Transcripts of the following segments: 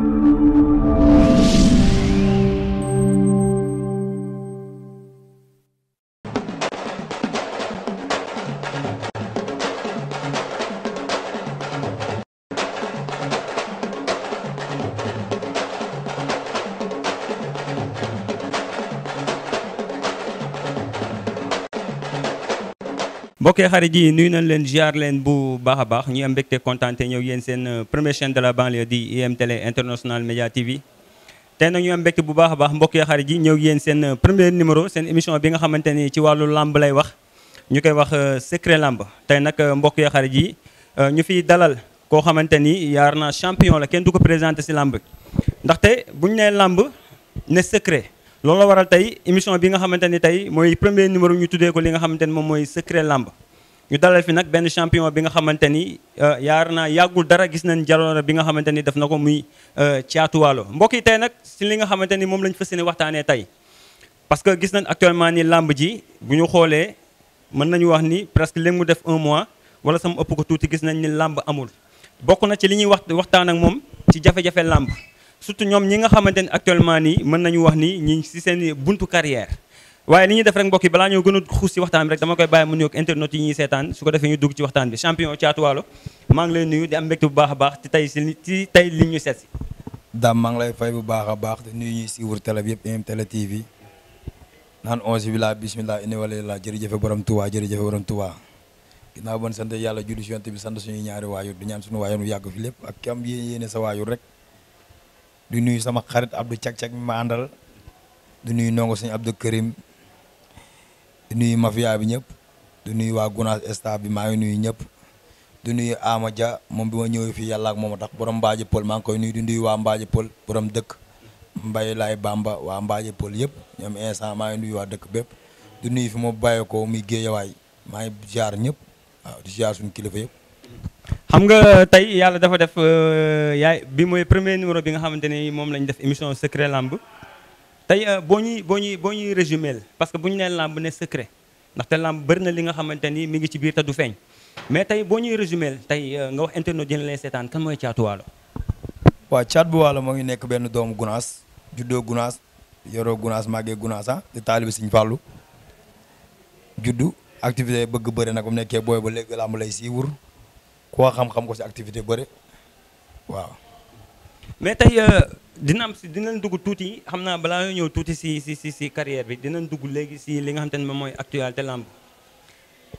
Thank you. mbokk xarit yi nuyu nañ leen ziar leen bu baax a baax ñu am mbégte contenté ñëw yéen seen euh, première chaîne de la banlieue di IM Télé International Média TV. tey nag ñu am mbégte bu baax a baax mbokk xarit yi ñëw yéen seen euh, premier numéro seen émission bi nga xamante ni ci wàllu lamb lay wax ñu koy wax euh, secret lamb tey nag mbokk xarit yi ñu fi dalal koo xamante ni yaar na champion la kenn du ko présenté si l'amb. ndaxte bu ñu nee ne secret. loolu la waral tey émission bi nga xamante ni tey mooy premier numéro ñu tuddee ko li nga xamante ni moom mooy secret lamb ñu dalal fi nag benn champion bi nga xamante ni euh, yaar naa yàggul dara gis nañ jaloore bi nga xamante ni def na ko muy euh, Thiatou Walo mbokk yi tey nag si li nga xamante ni moom lañ fas yéene waxtaanee tey. parce que gis nañ actuellement ni làmb ji bu ñu xoolee mën nañu wax ni presque léegi mu def un mois wala sama ëpp ko tuuti gis nañ ni làmb amul. bokk na ci li ñuy wax waxtaan ak moom ci jafe-jafe làmb surtout ñoom ñi nga xamante ni actuellement nii mën nañu wax ni ñi si seen buntu carrière. waaye li ñuy def rek mbokk yi balaa ñoo gën a xuus ci waxtaan bi rek dama koy bàyyi mu nuyoog internet yi ñuy seetaan su ko defee ñu dugg ci waxtaan bi champion Thiatou Walo maa ngi lay nuyu di am mbégte bu baax a baax ci tey ci tey li ñu seet si maa ngi lay fay bu baax a baax di nuyu ñuy siiwur télé bi yëpp IM Télé TV naan onze bi laa bismillah inni wala la jërëjëfe borom Touba jërëjëfe borom Touba ginnaaw bon sant yàlla julli si yonte bi sant suñuy ñaari waayur di ñaan suñu waayur yàgg fi lépp ak ki am yéen yéene sa waayur rek di nuyu sama xarit Abdou Cag Cag mi ma àndal di nuyu nongo suñu Abdou Karim di nuyu mafia bi ñëpp di nuyu waa Gunaas staff bi maa ngi nuyu ñëpp di nuy Ama Dia moom bi ma ñëwee fii yàlla ak moom a tax borom Mbaaji Pël maa ngi koy nuyu di nuyu waa Mbaaji Pël borom dëkk mbay Laay Bamba waa Mbaaji Pël yëpp ñoom instant maa ngi waa dëkk bépp di nuyu fi ma bàyyee ko muy Géejawaay maa ngi jaar ñëpp waaw di jaar suñu kilifa yëpp. xam nga tey yàlla dafa def euh, yaay bi mooy premier numéro bi nga xamante ne moom lañ def émission secret lamb. tey euh, boo ñuy boo ñuy boo ñuy résumé parce que bu ñu nee làmb ne secret ndaxte làmb barina li nga xamante ni mi ngi ci biir te du feeñ mais tey boo ñuy résumé tey euh, nga wax internet dina lay seetaan kan mooy Caatu Waalo. waaw Caat bu Waalo moo ngi nekk benn doomu Gunaas juddoo Gunaas yoroo Gunaas màggee Gunaas ah di taalibi Sëñ Fallu juddu activité bëgg bëre nag bu nekkee booy ba léegi làmb lay siiwur koo xam-xam ko si activité bëre waaw. mais tey euh, dina am si dinañ dugg tuuti xam naa balaa ñoo ñëw tuuti si si si si carrière bi dinañ dugg léegi si li nga xamante ne moom mooy actualité làmb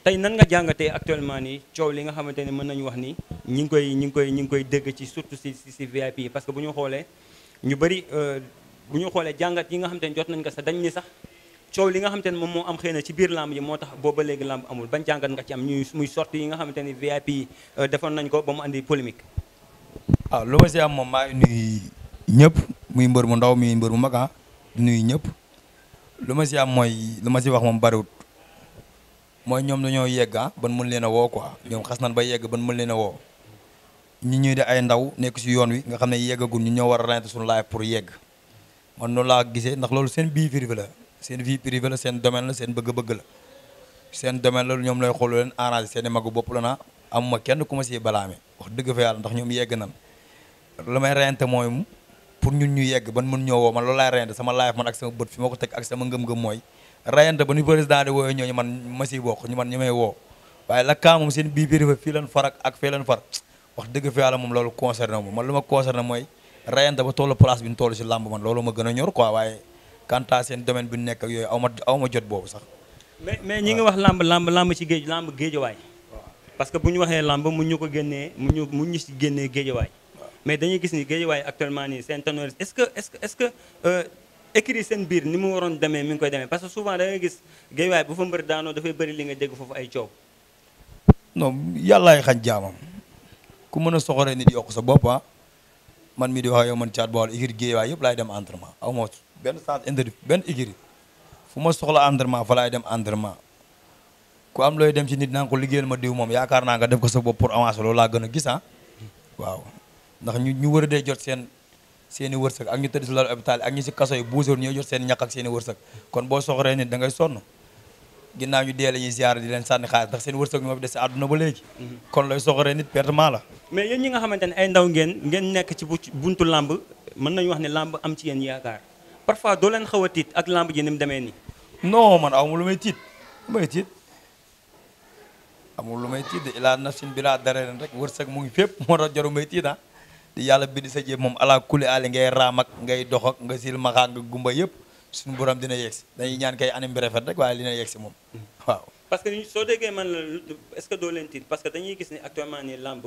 tey nan nga jàngatee actuellement nii coow li nga xamante ne mën nañu wax ni ñi ngi koy ñi ngi koy ñi ngi koy dégg ci surtout si si si VIP yi parce que xoolee ñu bëri euh, bu ñu xoolee jàngat yi nga xamante ne jot nañ ko sax dañ ni sax coow li nga xamante ne moom moo am xëy na ci biir làmb yi moo tax booba léegi làmb amul ban jàngat nga ci am ñuy muy sorti yi nga xamante ne VIP yi euh, defoon nañ ko ba mu andi polémique waaw ah, lu ma si am moom maa nuyu ñëpp muy mbër mu ndaw muy mbër mu mag ah, di nuyu ñëpp lu ma si am mooy lu ma si wax moom bariwut mooy ñoom dañoo yegg ah, ban mun leen a woo ko ñoom xas nan ba yegg ban mën leen a woo ñu ñuy di ay ndaw nekk si yoon wi nga xam ne yeggagul ñu ñoo war a ràññeeku suñu laaj pour yegg man noonu laa gisee ndax loolu seen bii privée la seen vie privée la seen domaine la seen bëgg-bëgg la seen domaine la ñoom lay xool leen arrangé seen magu bopp la naa amuma kenn ku ma siy wax deug fa yalla ndax ñom yegg nan lu may reyante mooy pour ñun ñu yegg ban mën ñoo woo man loolu laay sama life man ak sama bëtt fi ma tek ak sama ngëm-ngëm moy reenté ba ñu président di wooyee ñooñu man ma ci bokk ñu man ñamay wo waye la kaa seen bi bi fii fi lan farak ak fi lan far wax deug fa yalla mom loolu concerné moom man luma concerné moy reenté ba tollu place bi ñu toll si làmb man loolu ma gëna ñor quoi waye quant à seen domaine bi nekk ak yoy awma awma jot bobu sax mais mais ñi nga wax lamb lamb lamb ci geej lamb geej géejawaay parce que buñ waxé lamb làmb mu ñu ko génné mu ñu mu ñu si génnee géejawaay mais dañuy gis ni way actuellement ni c'est un est-ce que est-ce que est-ce que euh écrit sen bir ni mu waron démé mi ngi koy démé parce que souvent da nga gis way bu fa mbeur daano da fay bari li nga dégg fofu ay ciow non yalla ay xañ jaamam ku mëna soxoré ni di yok sa bop ah. man mi di wax yow man chat bol écrit géejawaay yëpp laay dem entraînement aw ma benn sens interdit benn écrit fuma soxla entraînement fa lay dem entraînement. ku am looy dem ci nit naa ko liggéeyal ma diw moom yaakaar naa nga def ko sa bopp pour avancer loolu laa gën a gis ah waaw ndax ñu ñu wër dee jot seen seen i wërsëg ak ñu tëdd si lalu hôpital ak ñu si ñoo jot seen ñaq seen i wërsëg kon boo soxoree nit da ngay sonn ginnaaw ñu dee la ñuy ziar di leen sànni xaalis ndax seen wërsëg moo fi des si àdduna ba léegi kon looy soxoree nit pertement la mais yéen ñi nga xamante ne ay ndaw ngeen ngeen nekk ci buntu làmb mën nañu wax ne làmb am ci yéen yaakaar parfois doo leen xaw tiit ak làmb ji ni mu demee nii non man aw ma lu may tiit lu may tiit amul lu may tiit de ilaa nafsin bi laa daree ren rek wërsëg mu ngi fépp moo tax jaru may tiit ah di yàlla bind sa jéem moom ala kulli aali ngay raam ak ngay dox ak nga sil maxaa nga gumba yëpp suñu borom dina yegsi dañuy ñaan kay anim bi rafet rek waaye dina yegsi moom hmm. waaw parce que soo déggee man la est-ce que doo leen tiit parce que dañuy gis ni actuellement ni làmb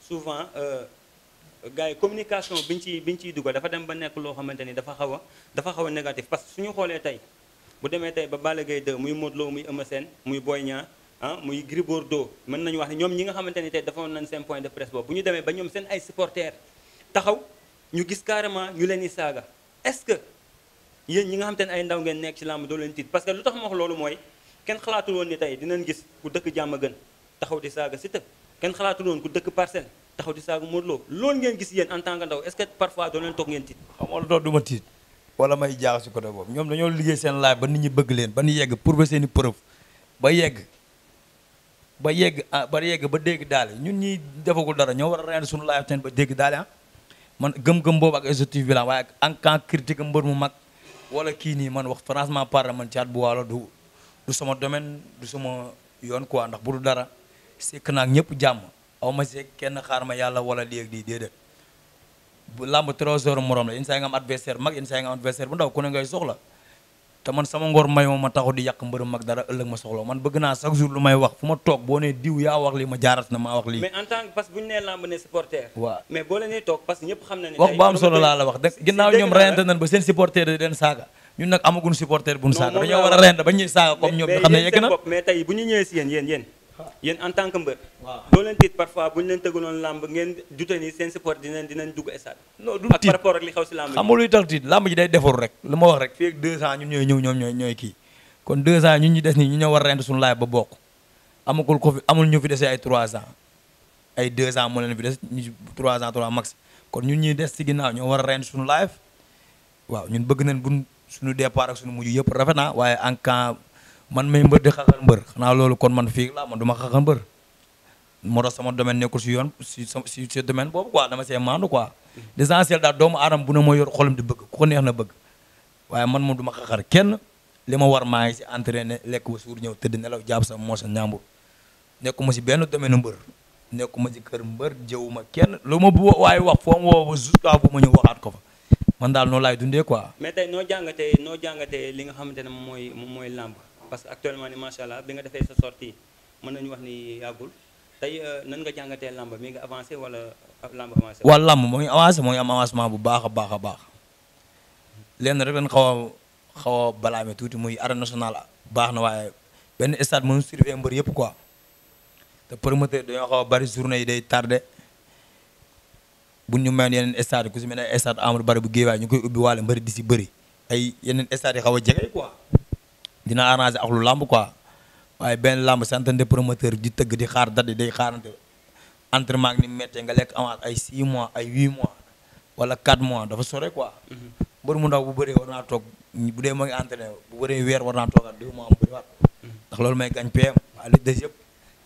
souvent euh, gars yi communication bi ñu ciy bi ñu ciy dugal dafa dem ba nekk loo xamante ni dafa xaw a dafa xaw a parce que suñu xoolee tey bu demee tey ba Balla Gaye 2 muy Modou Lo muy Eumeu Sène muy Boy Niang ah muy Gris Bordeaux mën nañu wax ne ñoom ñi nga xamante ni tey defoon nañ seen point de presse boobu bu ñu demee ba ñoom seen ay supporters taxaw ñu gis carrément ñu leen di saaga est-ce que yéen ñi nga xamante ne ay ndaw ngeen nekk ci làmb doo leen tiit parce que lu tax ma loolu mooy kenn xalaatul woon ni tey dinañ gis ku dëkk jàmm gën taxaw di saaga Siteu kenn xalaatu woon ku dëkk Parcelles taxaw di saaga Modou Lo loolu ngeen gis yéen en tant que ndaw est-ce que parfois doo leen toog ngeen tiit xam nga lu tax du ma tiit wala may jaax si boobu ñoom dañoo seen laaj ba nit ñi bëgg leen ba ñu yegg pour ba seen i preuve ba yegg ah, ba yegg ba dégg daal ñun ñi defagul dara ñoo war a reyal suñu laay teen ba dégg daal ah man gëm-gëm boobu ak exécutif bi la waaye en tant critique mbër mu mag wala kii nii man wax franchement parle man caat bu waalo du du sama domaine du sama yoon quoi ndax bu du dara sekk naag ñëpp jàmm aw ma see kenn xaar ma yàlla wala lii ak lii déedéet bu làmb trois heures morom la yenn saa yi nga am adversaire mag yenn saa yi nga adversaire bu ndaw ku ne ngay soxla te man sama ngor may ma ma taxaw di yàq mbërëm mag dara ëllëg ma soxla man bëgg naa chaque jour lu may wax fu ma toog boo nee diw yaa wax lii ma jaarat na maa wax lii. mais en mais boo leen toog parce que xam na ne. wax ba am solo laa la wax de ñoom reyante nañ ba seen supporter da leen saaga. ñun nag amaguñ supporter buñ saaga dañoo war a reyante ba ñuy saaga comme ñoom ñu xam ne yegg na yen en tant que mbeur do len tit parfois buñ len leen non lamb ngeen jute ni sen support dinañ dinañ dugg stade. non du tit par rapport ak li xaw si làmb ji. xam nga luy tax tiit ji day defaru rek luma wax rek fi ak 2 ans ñun ñoy ñew ñom ñoy ñoy ki kon 2 ans ñun ñi dess ni ñu ñow war rend rent suñu laay ba bok amagul ko fi amul ñu fi dess ay 3 ans ay 2 ans mo len fi dess ñu 3 ans 3 max kon ñun ñi dess ci ginnaaw ñoo war rend rent suñu live waaw ñun bëgg nañ buñ suñu départ ak suñu muju yëpp rafetna waye en camp man may mbër di xaxal mbër xanaa loolu kon man fii laa man ma xaxal mbër moo tax sama domaine nekkul si yoon si si si domaine boobu quoi dama see maandu quoi mm-hmm. l'essentiel daal doomu aadama bu moo yor xolam bëgg ko neex na bëgg waaye man moom du ma kenn li ma war maa ngi si entraîné lekk ba suur ñëw tëdd nelaw jàpp sa moo sa ñaambur nekkuma si benn domaine mbër nekkuma si kër mbër jëwuma kenn lu ma bu waaye wax foo ma woo jusqu'à fu ma ñëw waxaat ko fa man daal noonu laay dundee quoi mais tey noo jàngatee noo jàngatee li nga xamante ne moom mooy moom mooy làmb parce que actuellement ni machallah bi nga defee sa sortie mën nañ wax ni yagul tay euh, nan nga jàngatee lamb mi nga avancer wala lamb avancer wala lamb moo ngi avancé moo ngi am avancement bu baakha baakha baax a rek ben xawa xawa balamé touti balaame tuuti muy arène nationale baax na waaye benn stade mënu surveiller mbeur yépp quoi te promoteur dañu xawa bari journée day tardé bu ñu mayoon yeneen stade ku ci mel stade Amadou bari bu Guédiawaye ñu koy ubbi walé mbeur di ci bari ay yenen stade xawa jégué quoi. dina arrangé ak lu làmb quoi waaye benn làmb centaine de promoteur di tëgg di xaar date day xaarante entraînement ak ni mettee nga lekk avance ay 6 mois ay 8 mois wala 4 mois dafa sore quoi. Mm-hmm. mbër mu ndaw bu bëree war naa toog bu dee moo ngi entraîné bu bëree weer war naa toogaat 2 mois mu bëriwaat. Mm-hmm. loolu may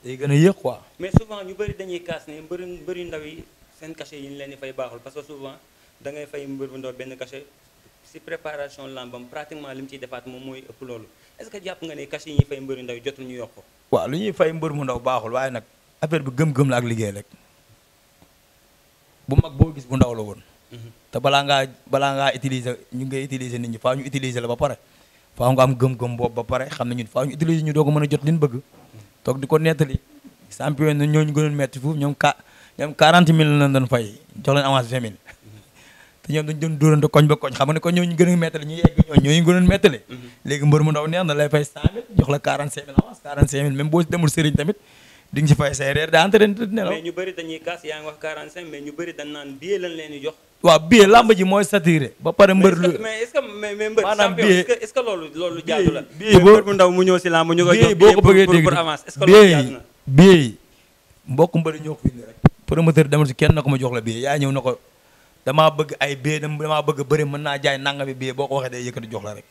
a yéex quoi. mais souvent ñu bëri dañuy kaas ne mbër mbëri ndaw yi seen cachet yi ñu leen di fay baaxul parce que souvent da ngay fay mbër bu ndaw benn cachet si préparation làmbam pratiquement li mu ciy defaat moom mooy ëpp loolu. est-ce que japp nga ni cachet yi fay mbeur ndaw jotul ñu yokk wa lu ñuy fay mbeur mu ndaw baaxul waye nak affaire bi gëm-gëm la ak liggéey rek bu mag bo gis bu ndaw la woon. Mhm. te bala nga bala nga utiliser ñu ngi utiliser nit ñi faa ñu utiliser la ba paré faa nga am gëm-gëm bob ba paré xam ne ñun faa ñu utiliser ñu dogu mëna jot liñ bëgg. tok diko netali champion ñoo ñu gënoon metti fu ñom ka ñom 40000 la lañ doon fay jox leen avance 20000 te ñoom dañ doon dóorante koñ ba koñ xam nga ne kon gën a méttale ñu yegg ñooñu ñooñu gënoon méttale mm-hmm. léegi mbër mu ndaw neex na lay fay cent mille jox la quarante cinq mille avance boo si fay si làmb si kenn ko ma jox la billet yaa ñëw na ko damaa bëgg ay billets damaa bëgg bëri mën naa jaay nangami billet boo ko waxee day yëkkati jox la rek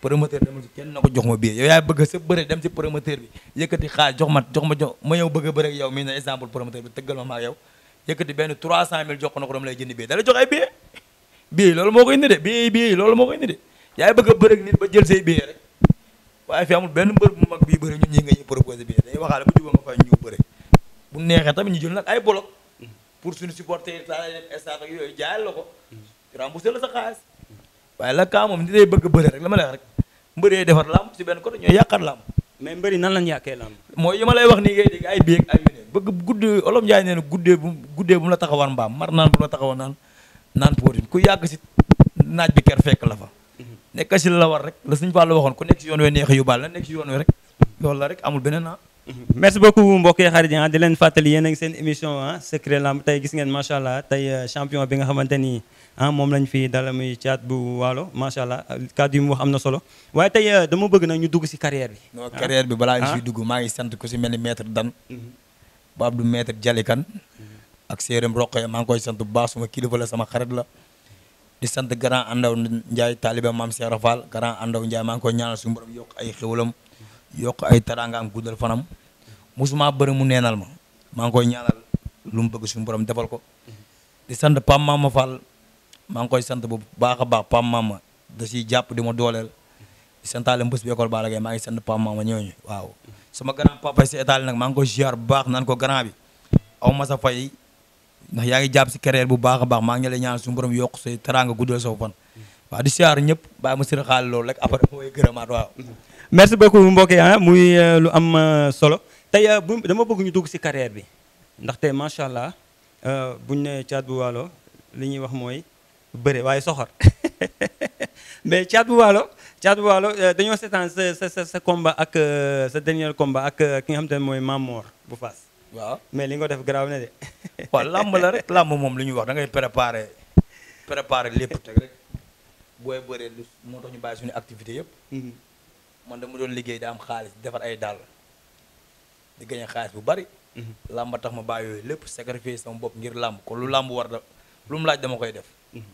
promoteur demul si kenn na ko jox ma billet yow yaay bëgg sa bëri dem si promoteur bi yëkkati xaar jox ma jox ma jox ma yow bëgg a bëri ak yow mii ne exemple promoteur bi tëggal ma maa yow yëkkati benn 300000 jox ko na ko dama lay jënd billet ay billet billet loolu moo ko indi de billet billet loolu moo ko yaay bëgg a ba jël say billet rek waaye fi amul benn mbër bu mag bii bëri ñun ñi nga ñuy proposé billet dañuy waxaale bu jubóo nga fay ñu bëri bu neexee tamit ñu jël nag ay bolok pour suñu supporter saa lay def stade yooyu jaayal la ko remboursé la sa xaalis waaye la kaa moom ni day bëgg bëri rek la ma lay wax rek mbëree defar làmb si benn côté ñooy yàqar làmb mais mbëri nan lañ yàqee làmb mooy yi ma lay wax nii ay bieg ay yune bëgg olom njaay nee na guddee bu guddee bu la taxawaan mbaam mar naan bu mu la taxawaan naan naan póotin ku yàgg si naaj bi ker fekk la fa nekk la la war rek la suñu fàllu waxoon ku nekk si yoon we neex yóbbaal la nekk yoon rek loolu la rek amul beneen ah merci beaucoup mbokk xarit yi ah, di leen fatali sen sen émission hein ah, secret lamb tay gis ngeen machallah tay euh, champion bi nga xamanteni hein ah, mom lañ fi dala muy bu walo machallah kaddu mu wax amna solo waaye tay euh, dama bëgg nag ñu dugg si carrière bi. non carrière bi bala ñu siy dugg ma ngi sante ko ci melni maître Dan. ba Abdou maître Jalikan. ak séeréem Roqe ma ngi koy sante bu kilifa la sama xarit la. di sante grand Andaw Ndiaye talibé mam Cheikh Rafal grand Andaw Ndiaye ma ngi koy ñaanal suñu borom yok ay xewulam yok ay guddal fanam musuma bëri mu neenal ma maa ngi koy ñaanal lu mu bëgg suñu borom defal ko di sant Pam Mama Fall maa ngi koy sant bu baaxa baax Pam Mama da ci japp di ma dolel di santale mbës bi école balagay ma ngi sant Pam Mama ñooñu waaw sama grand papa ci étal nak maa koy ziar baax nan ko grand bi aw ma sa fay ndax yaangi japp ci si carrière bu baaxa baax ma ngi lay ñaanal suñu borom yok sey teranga guddal so fan wa di ziar ñëpp bàyyi ma sira xaal loolu rek après mooy gërëmaat waaw merci beaucoup mbokk ya muy euh, lu am euh, solo tey euh, bu dama bëgg ñu dugg si carrière bi ndax ndaxte macha allah euh, buñ ne caat bu waalo li ñuy wax mooy bëre waaye soxor mais caat bu waalo caat bu waalo euh, dañoo seetaan sa sa sa combat ak sa dernier combat ak ki nga xam te mooy Mamor bu Fass. waaw mais li nga def garaaw na de. waaw làmb la rek làmb moom li ñuy wax da ngay préparer préparer lépp teg rek booy bëree moo tax ñu bàyyi suñu activité yëpp. Mhm. man dama doon liggéey da am xaalis defar ay dàll. di gañe xaalis bu bari mhm. làmba tax ma bàyyi yooyu lépp sacrifier sama bopp ngir làmb ko lu làmb war da lu mu laaj dama koy def mhm.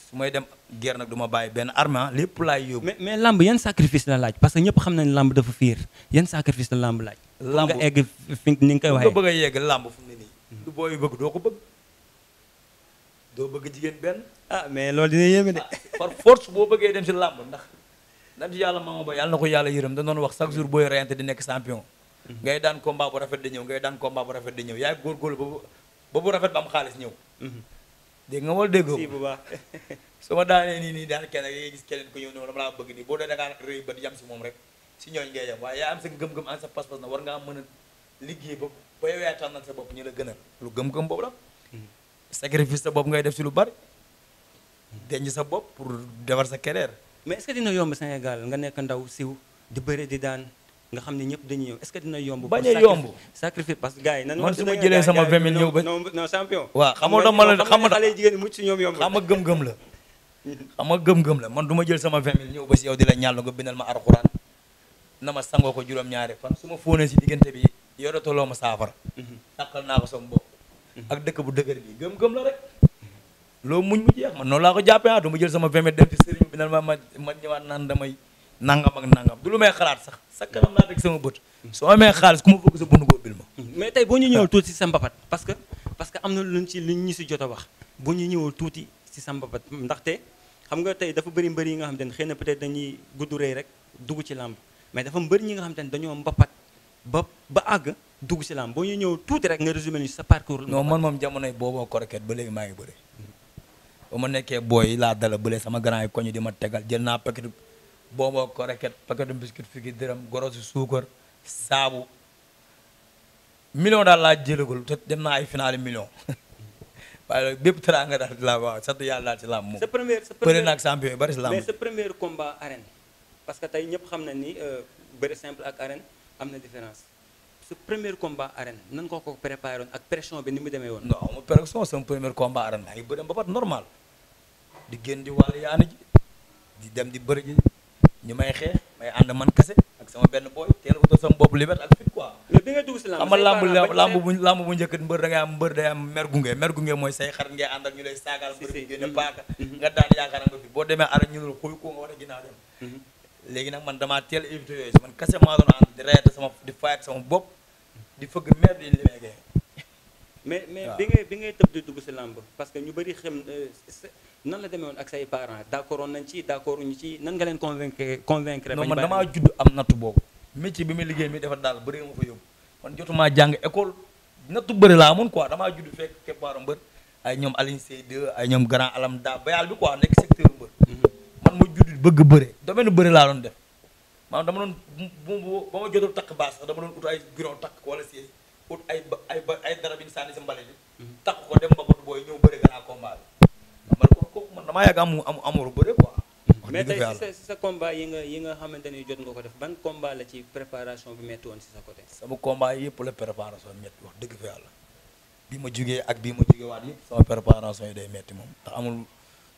su may dem guerre nag du ma bàyyi benn arme lépp laay yóbbu. mais mais lamb yan sacrifice la laaj parce que ñëpp xam nañ lamb dafa fiir yan sacrifice lamb laaj. lamb nga egg fi ni koy waxee. nga bëgg a yegg fu mu ne nii. Mhm. du booy bëgg doo ko bëgg. doo bëgg jigéen benn. ah mais loolu dina yéeme de. Ah, par force boo bëggee dem si lamb ndax. ndam ci yàlla maa ma ba yàlla ko yàlla yërëm da wax chaque jour booy reyante di nekk champion. ngay daan combat bu rafet di ñew ngay daan combat bu rafet di ñew yaay gor gor bu rafet bam am ñew ñëw. dégg nga wala déggoo. si bu ba suma daane ni ni nii daan kenn ngay gis kene ko ñew ne dama bëgg ni bo dee da ngaa ba di yam ci mom rek si ñoy ngay yam waaye am sa gëm-gëm am sa pass pass na war nga mën a liggéey ba ba yow yaa sa bop ñu la gënal lu gëm-gëm bop la. sacrifice sa bop ngay def ci lu bari. denc sa bop pour defar sa carrière. mais est-ce que dina yomb Sénégal nga nek ndaw siw di bëre di daan nga xam ne ñëpp dañuy ñëw yomb. bañ a yomb sacrifice parce que gars yi man su ma jëlee sama 20 000 ñëw ba non champion. waaw xam nga la xam nga si ñoom yomb gëm-gëm la xam nga man du ma jël sama 20 ñëw ba si yow di la ñaan nga bindal ma arxuraan na ma sangoo ko juróom-ñaari fan su ma fóonee si diggante bi yorataloo ma saafara tàqal naa ko sama bopp ak dëkk bu dëgër bi gëm-gëm la rek loo muñ mu jeex noonu laa ko jàppee ah du ma jël sama 20 000 dem ci sëriñ ma ma ma ñëwaat naan damay nangam ak nangam du lu may xalaat sax sa kanam laa teg sama bët. soo amee xaalis ku ma bëgg sa bunu ko bil ma. mais tey boo ñu ñëwal tuuti si sa mbapat parce que parce que am na luñ liñ ñu si jot wax boo ñu ñëwal tuuti si sa mbapat ndaxte xam nga tey dafa bëri mbëri yi nga xam te ne xëy na peut-être dañuy gudd rëy rek dugg ci làmb mais dafa mbëri ñi nga xam te ne dañoo mbapat ba ba àgg dugg ci làmb boo ñu ñëw tuuti rek nga résumé ñu sa parcours. non man moom jamono jamonoy booboo korket ba léegi maa ngi bëri. ba ma nekkee booy laa dala bële sama grand yi koñu di ma tegal jël naa paquet ko koraket paquet biscuit figi dërëm gorosu suukar sabu million daal la jëlagul te dem na ay final million waaye loolu bépp teraanga daal ci laa waaw sant yàlla ci lam moom. sa première sa première bëri champion bari lam mais sa premier combat arène parce que tay ñep xamna ni euh bari simple ak arène amna différence ce premier combat arène nan ko ko préparer ak pression bi ni mu démé won non mo pression un premier combat arène ay ngi ba pat normal di génn di wal yaani di dem di bëri ñu may xeex may ànd man kese ak sama benn booy teel a sama bopp liberté ak fit quoi. bi nga dugg si lamb lamb lamb bu lamb bu njëkk mbër da ngay am mbër day am mer gunge mer gunge mooy say xar ngay ànd ak ñu lay saagaal mbër bi génne mm-hmm. paaka mm-hmm. nga nga fi ara ñu ko nga dem mm-hmm. man évité man kese maa doon ànd di sama di fayat sama bopp di fëgg mer di limeegee mais mais bi ngay bi ngay tëb di dugg si lamb parce que ñu xam euh, nan la demee woon ak say parent d' woon nañ ci d' accord ñu ci nan nga leen convaincre convaincre non man damaa judd am nattu boobu métier bi ma liggéey mi dafa daal bëri ma fa yóbbu man jotumaa jàng école nattu bëri laa amoon quoi damaa judd fekk keppaaru mbër ay ñoom Alioune Seye 2 ay ñoom Grand Alam daa bayaal bi quoi nekk secteur mbër mm-hmm. man ma judd bëgg bëre domaine bëri laa doon def maanaam dama doon bu ba ma jotul takk baas sax dama doon ut takk wala si ut ay ay ay darabin sànni si mbale bi mm-hmm. takk ko dem mbabat booy ñëw bëri ganaa combat kooku man damaa yàgg amu amul bëre quoi. Mm-hmm. yi nga yi nga xamante ni nga ko def ban combat la ci préparation bi metti woon wax dëgg fa yàlla bi ma jugee ak bi ma jugee waat yëpp sama préparation yi day metti moom ndax amul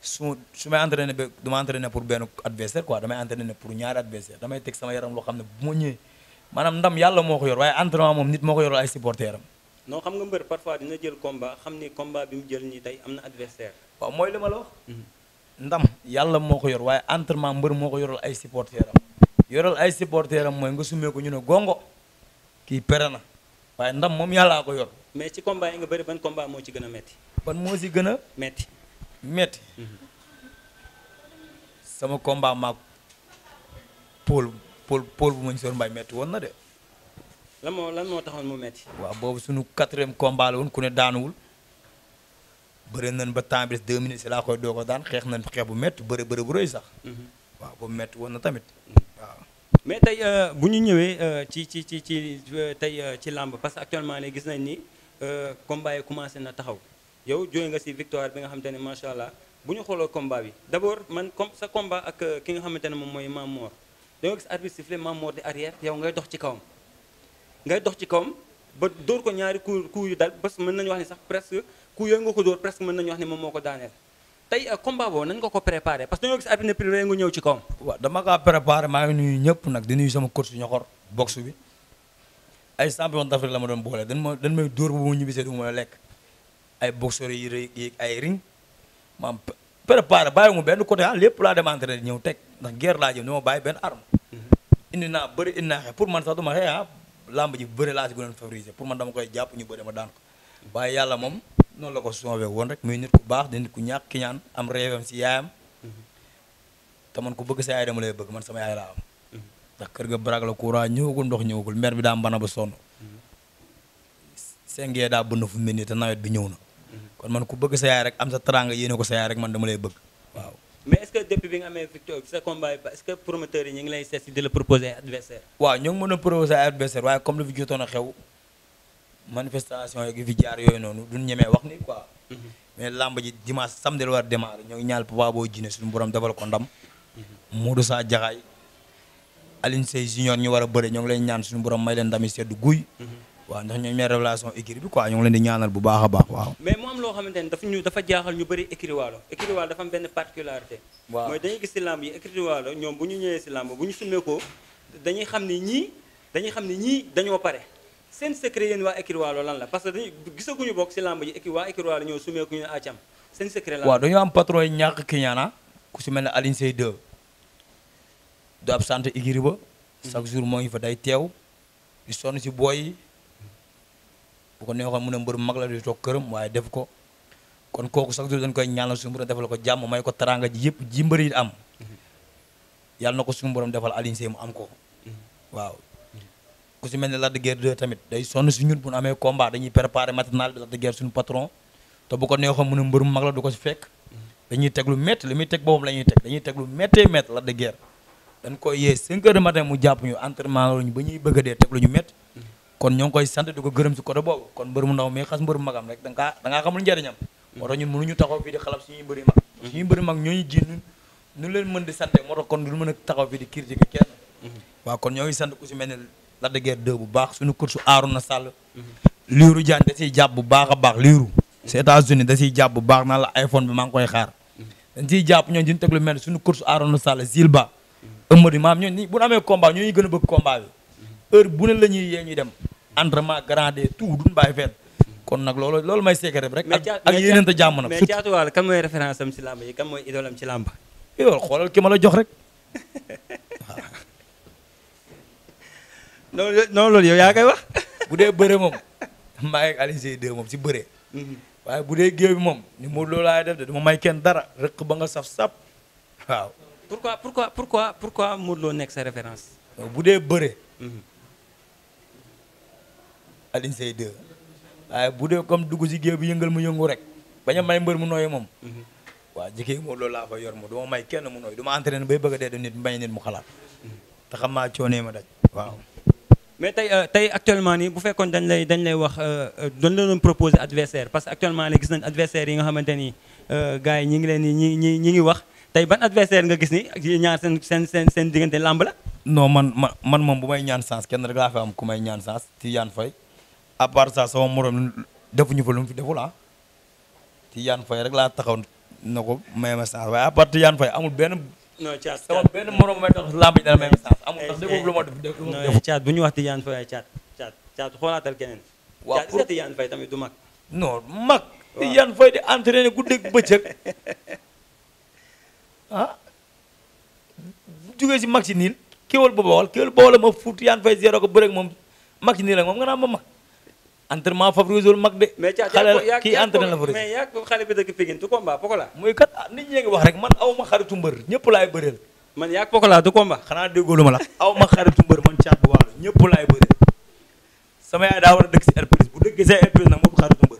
su su may entraîné ba du ma entraîné pour benn adversaire quoi damay entraîné pour ñaari adversaire damay teg sama yaram loo xam ne bu ma ñëwee maanaam ndam yàlla moo ko yor waaye entraînement moom nit moo ko yor ay supporteram. non xam nga mbër parfois dina jël combat xam ni combat bi mu jël nii tey am na adversaire. waaw mooy li ma la wax. Mhm. ndam yàlla moo ko yor waaye entraînement mbër moo ko yoral ay supporteurs yoral ay supporteurs am mooy nga sumee ko ñu ne gongo kii pere na waaye ndam moom yàllaa ko yor. mais ci combat yi nga bëri ban combat moo ci gën a metti. ban moo ci gën a. metti metti. Mhm. sama combat maag bu ma gisoon mbay metti woon na de. lan moo lan moo taxoon mu metti. waaw boobu suñu quatrième combat la woon ku ne daanuwul. bëri nañ ba temps bi deux minutes laa koy doo ko daan xeex nañ xeex bu métti bëri bëri bu rëy sax. Mm-hmm. waaw boobu métti woon na tamit waaw. mais tey euh, bu ñu ñëwee euh, ci ci ci ci euh, tey ci làmb parce que actuellement ne gis nañ ni combat yi commencé na taxaw yow jooy nga si victoire bi nga xamante ne macha allah bu ñu xooloo combat bi d' abord man comme sa combat ak ki nga xamante ne moom mooy Mame Mor da nga gis arbitre sifflé Mame Mor di arrière yow ngay dox ci kawam. ngay dox ci kawam ba dóor ko ñaari coup coup yu dal bés mën nañu wax sax presque. ku yooyu nga ko dóor presque mën nañu wax ne moom moo ko daaneel tey euh, combat boobu nañ ko ko préparé parce que dañoo gis arbitre privé nga ñëw ci kawam. waaw dama kaa préparé maa ngi nuyu ñëpp nag di nuy sama coach ñoxor box bi ay champion d'Afrique la ma doon boole dañ ma dañ may dóor bu ma ñibbisee du ma lekk ay boxeurs yi rëy yi ay ring maam préparé bàyyi mu benn côté ah lépp laa dem entraîné ñëw teg ndax guerre laa jëm ni ma bàyyi benn arme. Mm-hmm. indi naa bëri indi naa xeex pour man sax du ma ah, lamb ji bëri laa si gënoon favoriser pour man dama koy jàpp ñu bëri ma daan ko yàlla moom noonu la ko soobee woon rek muy nit ku baax di nit ku ñàkk ki ñaan am réewam si yaayam mm-hmm. te man ku bëgg sa yaay dama lay bëgg man sama yaay laa am mm-hmm. ndax kër ga barag la courant ñëwagul ndox ñëwagul mer bi daa mbana ba sonn mm-hmm. sengee daa bënn fu mel nii te nawet bi ñëw na kon man ku bëgg sa yaay rek am sa teraanga yéene ko sa yaay rek man dama lay bëgg waaw mais est-ce que depuis bi nga amee victoire sa combat est-ce que promoteurs yi ñu ngi lay seet si di la a comme jotoon xew manifestation yi fi jaar yooyu noonu duñ ñemee wax ni quoi. Mm-hmm. mais làmb ji dimanche samedi la war a démarrer ñoo ngi ñaal Papa Boy Djiné suñu borom defal ko ndam. Mm-hmm. Modou Sa Jaxaay Alioune Seye Junior ñu war a bëre ñoo ngi leen ñaan suñu borom may leen ndami seddu guy. Mm-hmm. ndax ñooy mère relation écurie bi quoi ñoo ngi leen di ñaanal bu baax a baax waaw. mais mu am loo xamante ne dafa ñu dafa jaaxal ñu bëri écurie Waalo écurie Waalo dafa am benn particularité. waaw mooy dañuy gis si làmb yi écurie Waalo ñoom bu ñu ñëwee si làmb bu ñu sumee ko dañuy xam ne ñii dañuy xam ne ñii dañoo pare seen secret yéen waa écurie Walo lan la parce que dañuy gisaguñu bokk si lamb ji écurie waa écurie Walo ñëw sumeeku ñu ne acam seen secret la waaw dañoo am patron yi ñàkk client ku si mel ne Aline Sey 2 du chaque jour moo ngi fa day teew di si booy yi bu ko neexoon mu ne mbër mag la di toog këram waaye def ko kon kooku chaque jour dañ koy ñaanal suñu borom defal ko ko taraanga ji yëpp ji mbër yi am mhm. yàlla na ko suñu borom defal Aline mu am ko mhm. waaw ku ci melni la de guerre 2 tamit day sonn ci ñun bu amé combat dañuy préparer matinal bi Lac de guerre suñu patron to bu ko neexoon mu ne mbërum mag la du ko ci fekk dañuy teg lu metti limi muy bobu lañuy la dañuy teg lu metti métti la de guerre dañ koy yé 5 heures du matin mu japp ñu entraînement lañu bañuy bëgg dé dee teg lu kon ñong koy sante du ko gërëm ci côté bobu kon mbër mu ndaw mais xass mbër magam rek da nga da nga xamul njëriñam moo tax ñun ñu taxaw fi di xalab suñu mbëri mag suñu mbëri mag ñoy jinn ñun ñu leen mënd di sante mo tax kon du mëna taxaw fi di critiquer kenn mm-hmm. wa kon ñoy sante ku ci melni la de Guiers 2 bu baax suñu course Arouna Sall. Liiru Diagne da ciy jàpp bu baax a baax liiru. si États-Unis da ciy jàpp bu baax naan la iPhone bi maa ngi koy xaar. dañ ciy jàpp ñoom di ñu teg lu mel suñu course Arouna Sall Zilba. ëmb di maam ñooñu bu ñu amee combat ñooñu gën a bëgg combat bi. heure bu ne la ñuy yee ñuy dem. entraînement grandé tout kon nag loolu loolu may secret rek. ak ak yeneen te jàmm nag. surtout mais Thiatou Walo kan mooy kan mooy idole am ci làmb. idole xoolal ki ma la jox rek non non loolu yow yaa koy wax. bu dee bëre moom maa ngi Alioune Seye 2 moom si bëre. Mhm. waaye bu dee géew bi moom ni mu loolu laay def de ma may kenn dara rëq ba nga saf sap waaw. pour pourquoi pourquoi pourquoi Modou Lo nekk sa référence. bu dee bëre. Mhm. Alioune Seye 2 waaye bu dee comme dugg si géew bi yëngal mu yëngu rek bañ a may mbër mu nooy moom. Mhm. waaw jigéen Modou lool laa fa yor moom du ma may kenn mu nooy du ma entraîné bay bëgg a dee nit bañ nit mu xalaat te xam naa coonee ma daj waaw. mais tay euh, tay actuellement ni bu fekkoon dañ lay dañ lay wax euh, euh dañ la doon proposer adversaire parce que actuellement la gis nañ adversaire yi nga xamanteni euh gaay ñi ngi leen ñi ñi ñi ngi wax tay ban adversaire nga gis ni ak ñaar sen sen sen seen diggante làmb la non man man mom bu may ñaan chance kenn rek la fi am ku may ñaan ti Tidiane fay à part ça sama morom defu ñu fa lu mu fi defu ti ah. Tidiane fay rek la taxaw nako may ma chance way à part ti Tidiane fay amul benn non caat sama benn morom may tax làmb eh, eh, bu ñu wax Tidiane Faye caat caat caat xoolaatal keneen waaw caat sa Tidiane Faye tamit du mag non mag Tidiane Faye di entraîné guddeeg bëccëg ah jógee si mag si niil kéwal ba bawal kéwal ba bawal ma fu Tidiane Faye zéro ko bëreeg moom mag si niil moom nga ma mag entre ma favorisul mag de. xalal ya, ki caa kii entre na Fabrizio mais yak ko xale bi deug Pikine tu combat poko la muy eh, kat nit ñi nga wax rek man aw xaritu mbeur ñepp lay beurel man yak poko la du combat. xana déggoo la aw xaritu mbeur man caatu wal ñepp lay beurel sama yaay daa war a dëkk si bu dëkk ci airpris nak moom xaritu mbeur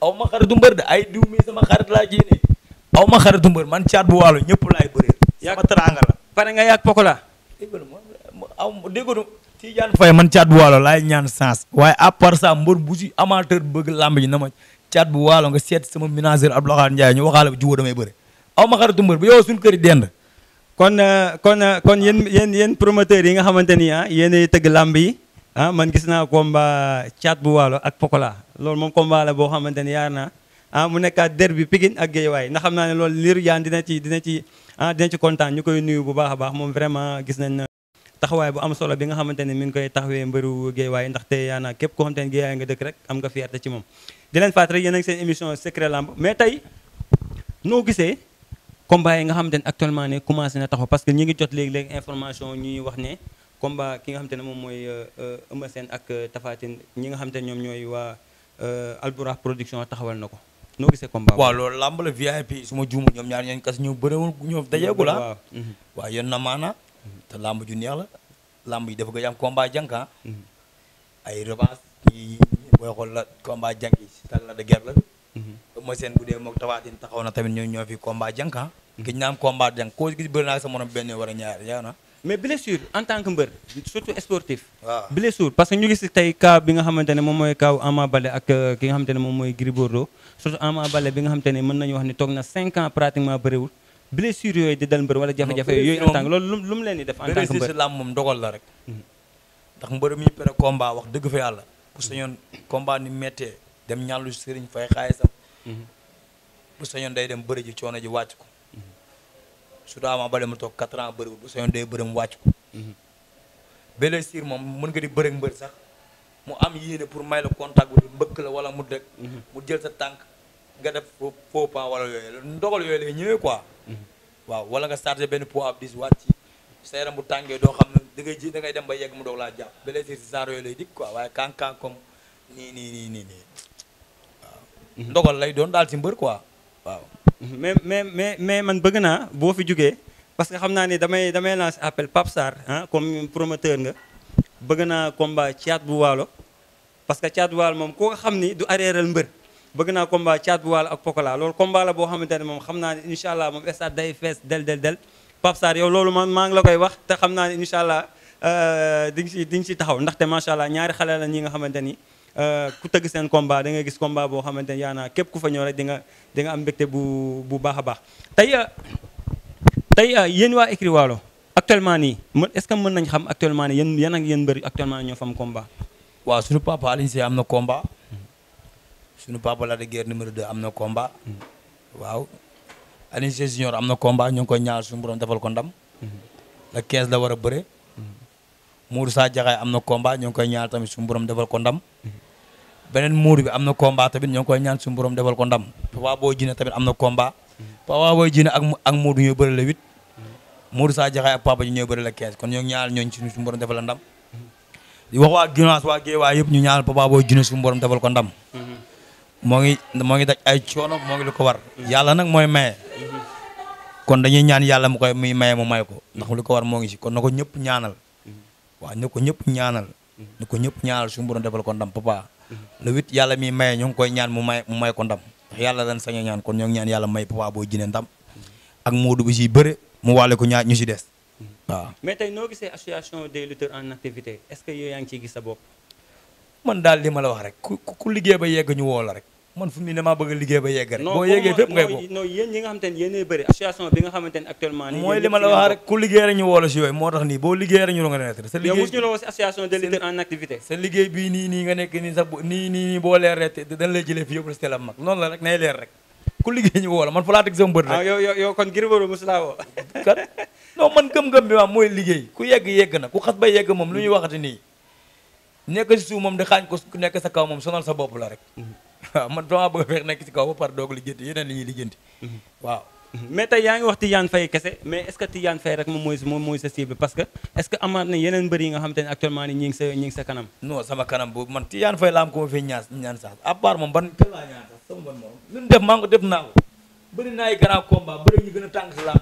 aw xaritu mbeur de ay diw mi sama xarit la jéene. aw xaritu mbeur man caat bu waalo ñëpp laay bëreel. sama teranga la. pare nga yak poko la déggoo aw déggoo Tidiane fay man chat bu Waalo laay ñaan sens way a part ça mbër bu ci amateur bëgg lamb ji na ma Thiat bu walo nga sét sama ménageur Abdoulaye ndjay ñu waxal wodamay bëre aw ma xaritu mbër bu yow suñu kër dënd kon eh, kon eh, kon yeen yeen yeen promoteur yi nga xamanteni ha ah yéenay tegg lamb yi ha ah, man gis na combat chat bu walo ak Pokola lool mom combat la bo xamanteni yar na ha ah mu nekk derby pigin ak gey way na xamna ne lool liiru yaan dina ci dina ci ah dina ci kontaan ñukoy nuyu bu baax baax mom vraiment gis nañ taxawaay bu am solo bi nga xamante ne mi ngi koy taxawee mbëru géewaay ndaxte yaa naa képp koo xamante ne géewaay nga dëkk rek am nga fierté ci moom di leen fàttali yéen a noo gisee combat yi nga xamante ne actuellement ne commencé na taxaw parce que ñi ngi jot léegi-léegi information ñuy wax ne combat ki nga xamante ne moom mooy euh, Eumeu Sène ak euh, Tapha Tine ñi nga xamante ne ñoom ñooy waa euh, Albourakh production taxawal na ko noo gisee combat waaw loolu lamb la VIP ma juumul ñoom ñaar ñooñu kas ñoo bëréwul ñoo dajeegu la ah. mhm. waaw yéen na maana te làmb ju neex la làmb yi dafa gëj am combat jànk ah. ay revanche yi booy xool la combat ma mhm. seen bu dee moog Tapha taxaw na tamit ñoo ñoo fi combat jànk ah. Mhm. gis naa am combat jànk koo gis bëri naa sa morom benn war a ñaar yaa na. mais blessure en tant que mbër surtout sportif. waaw blessure parce que ñu gis tey cas bi nga xamante ne moom mooy cas Ama Baldé ak euh, ki nga xamante ne moom mooy Gris Bordeaux surtout Ama Baldé bi nga xamante ne mën nañu wax ne toog na 5 ans pratiquement blessure yooyu di dal mbër wala jafe yooyu en tant que loolu lu mu leen di def en tant mbër làmb hmm. ndax mbër mi pere combat wax dëgg fa yàlla bu sañoon combat ni méttee dem ñàllu sëriñ fay xaalisam hmm. bu sañoon day dem bëri ji coono ji wàcc ko hmm. su daa ma bale mu toog 4 ans bëri bu sañoon day bëri mu wàcc ko blessure moom mën nga di bëri mbër sax mu am yéene pour may la contact bi mbëkk la wala mu dëkk mu jël sa tànk nga def faux pas wala yooyu ndogal yooyu lay ñëwee quoi. Mm-hmm. waaw wala nga chargé benn poids ab dis wàcc ci sa yaram bu tàngee doo xam ne da ngay ji da ngay dem ba yegg mu doog laa jàpp ba léegi si genre yooyu lay dikk quoi waaye kan kan comme nii nii nii nii nii mm-hmm. ndogal lay doon daal si mbër quoi waaw. Mm-hmm. mais mais mais mais man bëgg naa boo fi jógee parce que xam naa ni damay damay lancer appel Pape Sarr ah comme promoteur nga bëgg naa combat Thiat bu Waalo parce que Thiat bu moom koo xam ni du aréeral mbër. bëgg naa combat Thiat bu ak Pokola loolu combat la boo xamante ne moom xam naa ne incha allah moom stade day fees del del del Pape Sarr yow loolu man maa ngi la koy wax te xam naa ne incha allah euh, di nga si di nga si taxaw ndaxte macha allah ñaari xale la ñi nga xamante ni euh, ku tëgg seen combat da nga gis combat boo xamante yaa ku fa ñëw rek di nga di nga am mbégte bu bu baax a baax tey euh, tey yéen waa écrit Walo actuellement nii mën est-ce que mën nañ xam actuellement ni yéen yan ak yéen mbër actuellement ñoo fam combat. waaw suñu papa Alioune am combat. suñu papa la de guerre numéro 2 am na combat. waaw Alioune Sèye am na combat ñu ngi koy ñaanal suñu borom ko ndam. la 15 la war a bëre. Mourou Sa Jaxaay am na combat ñu koy ñaanal tamit suñu borom defal ko ndam. beneen muur bi am na combat tamit ñoo koy ñaan suñu borom defal ko ndam. Papa Boy Djiné tamit am na combat. Papa Boy Djiné ak ak Modou ñooy bëri la huit. Modou Sa Diakhaye ak Papa ji ñooy bëri la quinze kon ñoo ñaanal ñooñu suñu suñu borom defal la ndam. waa yëpp ñu ñaanal Papa Boy Djiné suñu borom ko ndam. moo ngi moo ngi daj ay coono moo ngi lu ko war yàlla nag mooy maye kon dañuy ñaan yàlla mu koy muy maye mu may ko ndax lu ko war moo ngi si kon na ko ñëpp ñaanal waaw na ko ñëpp ñaanal na ko ñëpp ñaanal suñu borom defal ko ndam papa le huit yàlla mi maye ñu ngi koy ñaan mu may mu may ko ndam ndax yàlla dañ sañ kon ñoo ngi ñaan yàlla may papa boo jine ndam ak moodu bi si bëre mu wàlle ko ñaar ñu si des aa mais tey noo gisee association des lutteurs en activité est-ce que yow ngi ciy gis sa bopp man daal li ma la wax rek ku ku liggéey ba yegg ñu woo rek man fu mu damaa bëgg a liggéey ba yegg rek. boo yeggee nga xamante ne yéenay bëri association nga xamante ne actuellement. nii mooy li ma la wax rek ku liggéey rek ñu woo la si yooyu moo tax nii boo liggéey rek ñu la nga nekk. sa liggéey yow si association des lutteurs nii boo leer rek dañ lay jëlee fi yóbbu la la mag noonu la rek nay leer rek ku liggéey ñu woo man fa laa teg sama bët rek. ah man gëm-gëm bi maam mooy liggéey ku yegg yegg na ku xas ba yegg moom lu ñuy waxati nii nekk si suuf moom di xaañ ko nekk sa kaw moom sonal sa bopp la rek mhm. waaw man dama bëgg fekk nekk si kaw ba par doog liggéenti yeneen li ñuy liggéenti mhm. waaw mhm. mais tey yaa ngi wax Tidiane Faye kese mais est ce que Tidiane rek moom moom mooy sa cible parce que na yeneen la am ko ma fee ñaan ñaan sax part moom ban ka laa ñaan sax sama ban naa ko bëri naa ay grand gën a tàng si laa